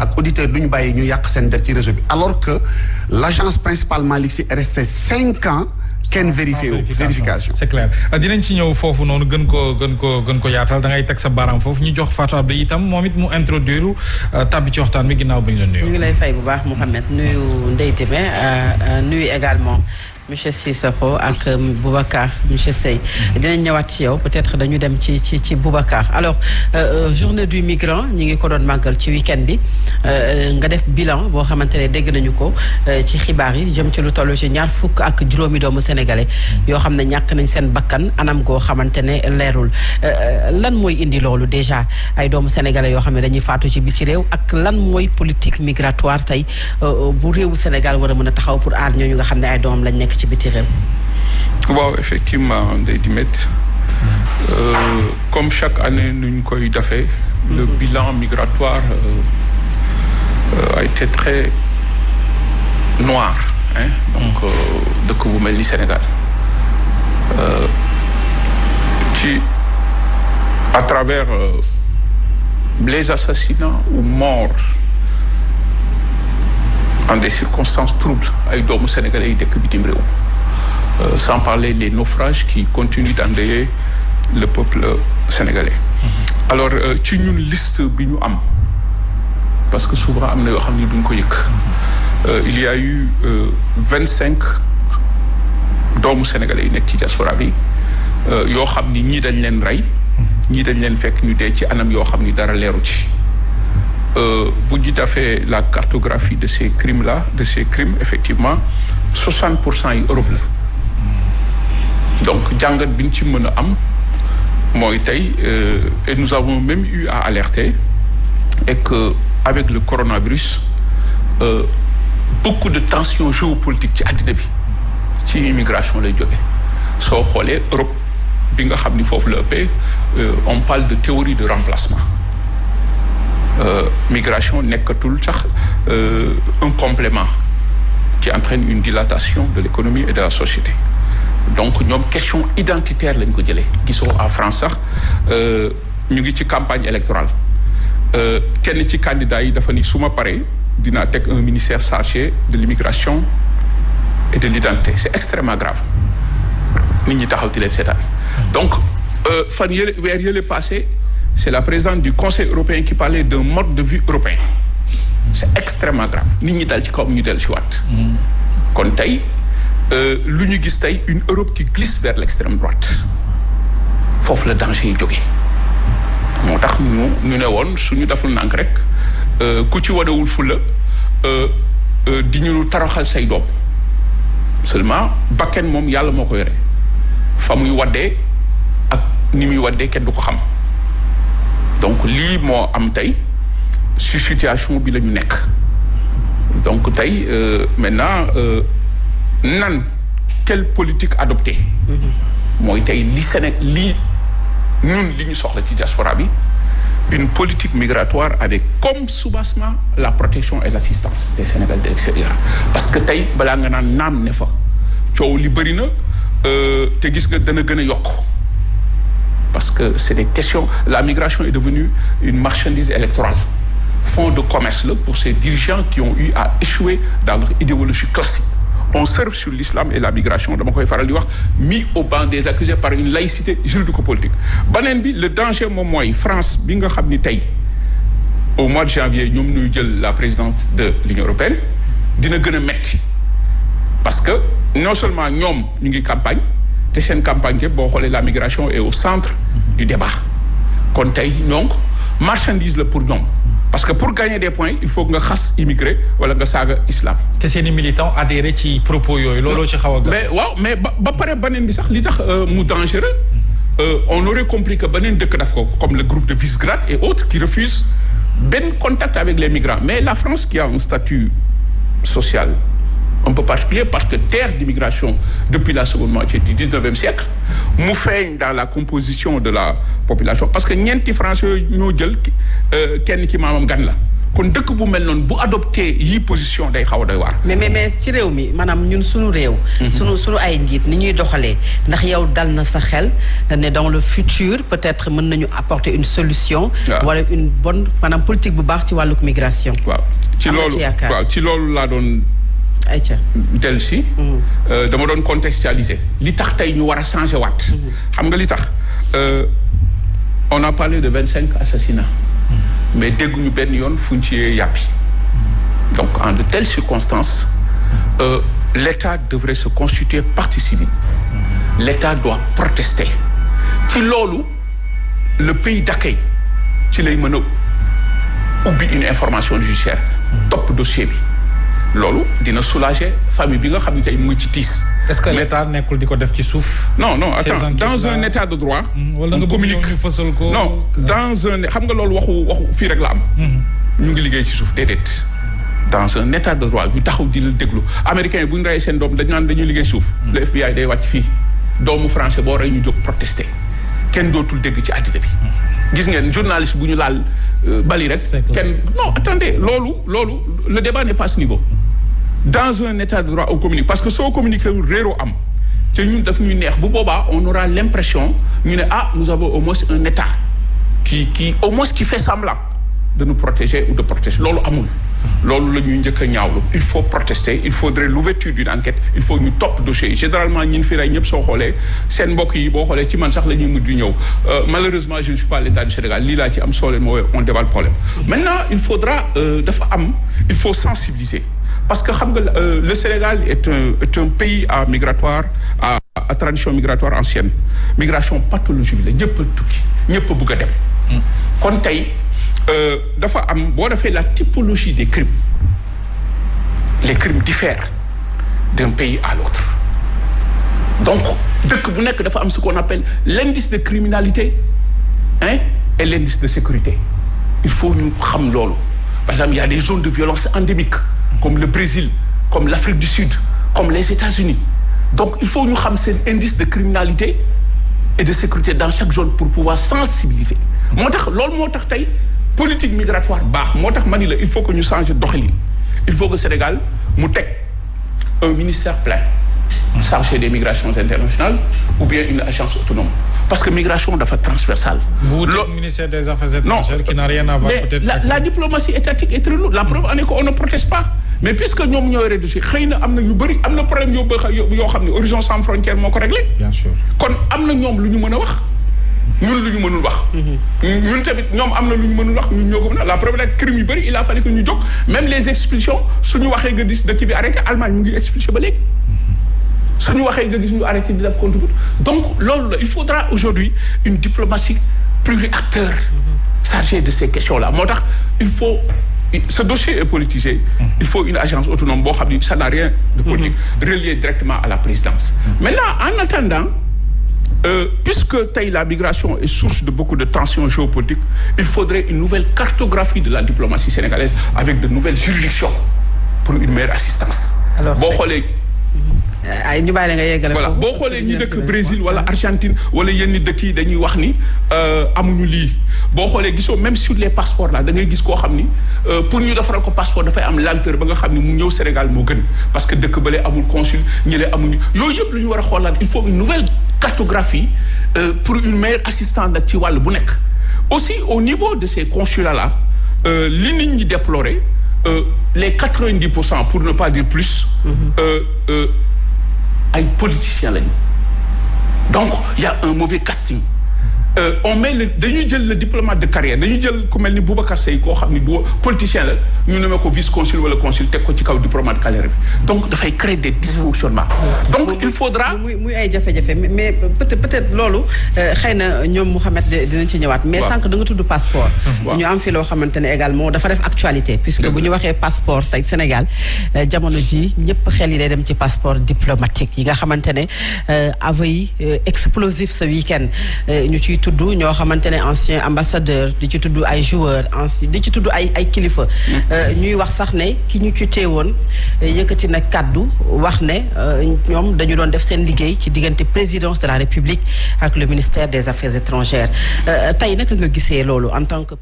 ak auditeur du ñu bàyyi ñu yàq seen der ci réseau bi alors que l' agence principale Malick Sy est restée cinq ans kenn vérifié wu vérification c'est clair euh, dinañ si ñëw foofu noonu gën ko gën ko gën ko yaatal da ngay teg sa baaraam foofu ñu jox Fatou Abdou itam moom it mu introduire euh, tàbbi ci waxtaan bi ginnaaw bi ñu la nuyu ngi lay fay bu baax Mouhamed nuyu Ndeye Deme euh, nuyu également monsieur Cissokho ak euh, Boubacar monsieur Seye dinañ ñawaat ci yow peut-être dañu dem ci ci ci Boubacar alors euh, euh, journée du migrant ñi ngi ko doon màggal ci week-end bi euh, nga def bilan boo xamante ne dégg nañu ko ci xibaar yi jëm ci lu toll ci ñaar fukk ak juróomi doomu sénégalais yoo xam ne ñàkk nañ seen bakkan anam goo xamante ne leerul lan mooy indi loolu déjà ay doomu sénégalais yoo xam ne dañuy faatu ci bi ci réew ak lan mooy politique migratoire tey bu réewu Sénégal war a mën a taxaw pour aar xam ne ay doomam lañ nekk ci biti réew. waaw effectivement Ndeye Dimet euh, comme chaque année nu ñu koy defee. le mm-hmm. bilan migratoire euh, a été très noir donc mm-hmm. euh, dëkk bu mel ni Sénégal euh, ci à travers les assassinats ou morts. en des circonstances troubles ay doomu Sénégal yi dëkk bitim réew euh, sans parler des naufrages qui continuent d'endeuiller le peuple euh, sénégalais mhm. alors euh, ci ñun liste bi ñu am parce que souvent am na yoo xam ne duñ ko yëg mhm. il y a eu cinq doomu sénégalais yi nekk ci diaspora bi yoo xam ni ñii dañ leen rey mhm. ñii dañ leen fekk ñu dee ci anam yoo xam ni dara leeru ci Euh, bu ñu fait la cartographie de ces crimes la de ces crimes effectivement 60 pour cent yi Europe la donc jàngat bi ñu ci mën a am mooy tey euh, et nous avons même eu à alerte et que avec le coronavirus euh, beaucoup de tensions géopolitiques ci àddina bi ci immigration lay jóge soo xoolee Europe bi nga xam ni foofu la ëppee euh, on parle de théorie de remplacement Euh, migration nekkatul sax euh, un complément qui entraîne une dilatation de l'économie et de la société donc ñoom question identitaire lañ ko jëlee soo en France sax euh, ñu ngi ci campagne électorale kenn ci candidat yi dafa ni suma ma paree dinaa teg un ministère chargé de l'immigration et de l'identité c'est extrêmement grave nit ñi taxaw di leen seetaan donc fan yële weer yële passé c'est la présidente du Conseil européen qui parlait d'un mode de vie européen c'est extrêmement grave nit ñi dal ci kawam ñu del ci waat kon tey euh, lu ñu gis tey une Europe qui glisse vers l'extrême droite foofu la danger yi jógee moo tax ñu ñu ne woon suñu deful nànk rek euh, ku ci wadewul fula euh, di ñu taraxal say doom seulement bakken moom yàlla moo ko yore fa muy waddee ak ni muy waddee kenn du ko xam donc lii moo am tey si situation bi la ñu nekk donc tey euh, maintenant euh, nan quelle politique adopter mm-hmm. mooy tey li Sénégal lii ñun li ñu soxla ci diaspora bi une politique migratoire avec comme soubassement la protection et l'assistance des Sénégalais de l'extérieur parce que tey balaa nga naan naam ne fa coow li bëri na euh, te gis nga dana gën a yokk parce que c'est des questions la migration est devenue une marchandise électorale fonds de commerce la pour ces dirigeants qui ont eu à échouer dans leur idéologie classique on surfe sur l'islam et la migration dama koy faral di wax mis au banc des accusés par une laïcité juridico-politique baneen bi le danger moom mooy France bi nga xam ni tey au mois de janvier ñoom ñuy jël la présidence de l'Union européenne dina gën a metti parce que non seulement ñoom ñu ngi campagne te seen campagne yëpp boo xoolee la migration est au centre du débat kon tey donc marchandise la pour ñoom parce que pour gagner des points il faut nga xas immigré wala nga saaga islam. te seen i militants adhéré ci propos yooyu looloo ci xaw a. mais waaw mais ba ba pare beneen bi sax li tax euh, mu dangereux euh, on aurait compris que beneen dëkk daf ko comme le groupe de Visegrad et autres qui refusent benn contact avec les migrants mais la France qui a un social. un particulier parce que terre d'immigration depuis la seconde moitié du 19e siècle mu feeñ dans la composition de la population parce que ñeenti français yooyu ñoo jël euh, kenn ci maamam gan la kon dëkk bu mel noonu bu adopté yi position day xaw a waa waar. mais mais ci réew mi maanaam ñun suñu réew. Mhm. suñu ay njiit ni ñuy doxalee ndax yaw dal na sa xel ne dans le futur peut-être mën nañu apporter une solution. wala une bonne maanaam politique bu baax ci wàllu ayca dellu si. Mhm. Euh, dama doon contextualiser li tax tey ñu war a changer waat. Mhm. xam nga li tax euh, on a parlé de vingt cinq assassinats. Mhm. mais dégguñu benn yoon fuñ ci yàppi. donc en de telles circonstances. Euh, l'État devrait se constituer partie civile. l'État doit protester. ci loolu le pays d'accueil ci lay mën a ubbi une information judiciaire topp dossier bi. loolu dina soulager famille bi nga xam ne mu ngi ci tiis. est-ce que l'État nekkul di ko def ci suuf. non non attends dans un état de droit. Mm-hmm. wala nga communique non dans un xam nga loolu waxu fii rek la am. Mm-hmm. ñu ngi liggéey ci suuf déedéet. dans un état de droit ñu taxaw di la déglu américain yi bu ñu reyee seen doom dañu naan dañuy liggéey suuf. Mm-hmm. le FBI day wàcc fii doomu français boo rey ñu jóg protester kenn dootul dégg ci àddina bi. gis ngeen journaliste bu ñu laal euh, bali rek. kenn non attendez loolu loolu le débat n'est dans un état de droit on communique parce que soo communiqué wul réeroo am te ñun daf ñuy neex bu boobaa on aura l'impression ñu ne ah nous avons au moins un état qui qui au moins qui fait semblant de nous protéger ou de protéger loolu amul loolu la ñuy njëkk a ñaawlu il faut protester il faudrait l'ouverture d'une enquête il faut ñu topp dossier yi généralement ñin fi rey soo xoolee seen mbokk yi boo xoolee ci man sax la ñuy mujj ñëw euh, malheureusement je ne suis pas l'état du laa ci am soo leen moo on débat le problème maintenant il faudra euh, dafa am il faut sensibiliser parce que xam nga euh, le Sénégal est un pays à migratoire à à tradition migratoire ancienne migration pathologique la ñëpp a tukki ñëpp a bëgg a dem. Mm. kon tey euh, dafa am boo defee la typologie des crimes les crimes diffèrent d'un pays à l'autre donc dëkk bu nekk dafa am ce qu'on appelle l'indice de criminalité hein et l'indice de sécurité il faut ñu xam loolu par exemple il y a des zones de violence endémiques. comme le Brésil comme l'Afrique du Sud comme les États-Unis donc il faut ñu xam seen indice de criminalité et de sécurité dans chaque zone pour pouvoir sensibiliser moo tax lool moo tax tey politique migratoire baax moo tax ma ni il faut que ñu changer doxalin il faut que Sénégal mu teg un ministère plein chargé des migrations internationales ou bien une agence autonome parce que migration dafa transversale. bu ministère des affaires étrangères mais puisque ñoom ñoo yore dossier xëy na am na yu bëri am na problème yoo yoo xam ne Horizon sans frontière moo ko réglé. kon am na ñoom lu ñu mën a wax. ñun lu ñu mënul wax. Mm-hmm. ñun tamit ñoom am na lu ñu mënul wax ñun ñoo ko mën a la problème la crime yu bëri il la a fallu que ñu jóg même les expulsions suñu waxee nga gis dëkk bi arrêté Allemagne mu ngi expulsé ba léegi. Mm-hmm. suñu waxee nga gis ñu arrêté di def contre donc loolu la il faudra aujourd'hui une diplomatie pluriacteur mm-hmm. chargée de ces questions moo tax il faut. ce dossier est politisé. Mhm. il faut une agence autonome boo xam ni ça n'a rien de mhm. politique. relié directement à la présidence. Mhm. maintenant en attendant. Euh, puisque tey la migration est source de beaucoup de tensions géopolitiques il faudrait une nouvelle cartographie de la diplomatie sénégalaise avec de nouvelles juridictions pour une meilleure assistance. alors boo xoolee. Euh, ay ñu bàyyi la nga yeggale voilà boo xoolee ñi dëkk Brésil wala Argentine wala yenn dëkk yi dañuy wax ni euh, amuñu lii boo xoolee gisoo même sur les passeports là da ngay gis koo xam ni euh, pour ñu defaral ko passeport dafay am lenteur ba nga xam ni mu ñëw Sénégal moo gën parce que dëkk ba bële amul ñu ñële amuñu yooyu yëpp lu ñu war a xoolaat il faut une nouvelle cartographie pour une meilleure assistance ci wàll bu nekk aussi au niveau de ces consulats la li nit ñi déplorer les quatre vingt pour cent pour ne pas dire plus mm-hmm. ay politiciens lañu donc y a un mauvais casting Euh, on met le dañuy jël le diplomate de carrière dañuy jël ku mel ni Boubacar Seye koo xam ni du politicien la ñu nommé ko vice consul wala consul teg ko ci kaw diplomate de carrière bi donc dafay créer des dysfonctionnements. donc il faudra. muy muy ay jafe-jafe mais peut être loolu euh, xëy na ñoom Mouhamed dinañ ci ñëwaat. mais sànq da nga tudd passeport. ñu am fi loo xamante ne également dafa def actualité. puisque bu ñu waxee passeport tey Sénégal euh, jamono ji ñëpp xel yi dem ci passeport diplomatique yi nga xamante ne aveux yi explosif ce tudd ñoo xamante ne ancien ambassadeur di ci tudd ay joueur ancien di ci tudd ay ay kilifa. Euh, ñuy wax sax ne ki ñu ci teewoon euh, yëkkati na kàddu wax ne euh, ñoom dañu doon def seen liggéey ci diggante présidence de la république ak le ministère des affaires étrangères tey naka nga gisee loolu en tant que.